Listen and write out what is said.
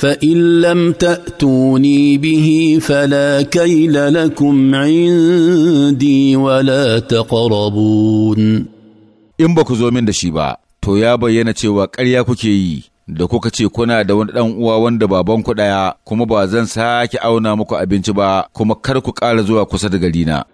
فان لم تاتوني به فلا كيل لكم عندي ولا تقربون in ba ku zo min da shi ba to ya bayyana cewa ƙarya kuke yi da kuka ce kuna da wani ɗan uwa wanda baban ku ɗaya kuma ba zan sake auna muku abinci ba kuma kar ku ƙara zuwa kusa da garina